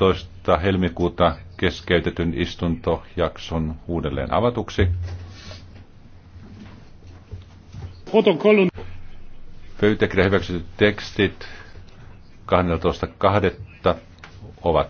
15. helmikuuta keskeytetyn istuntojakson uudelleen avatuksi. Pöytäkirja hyväksytyt tekstit 12.2. ovat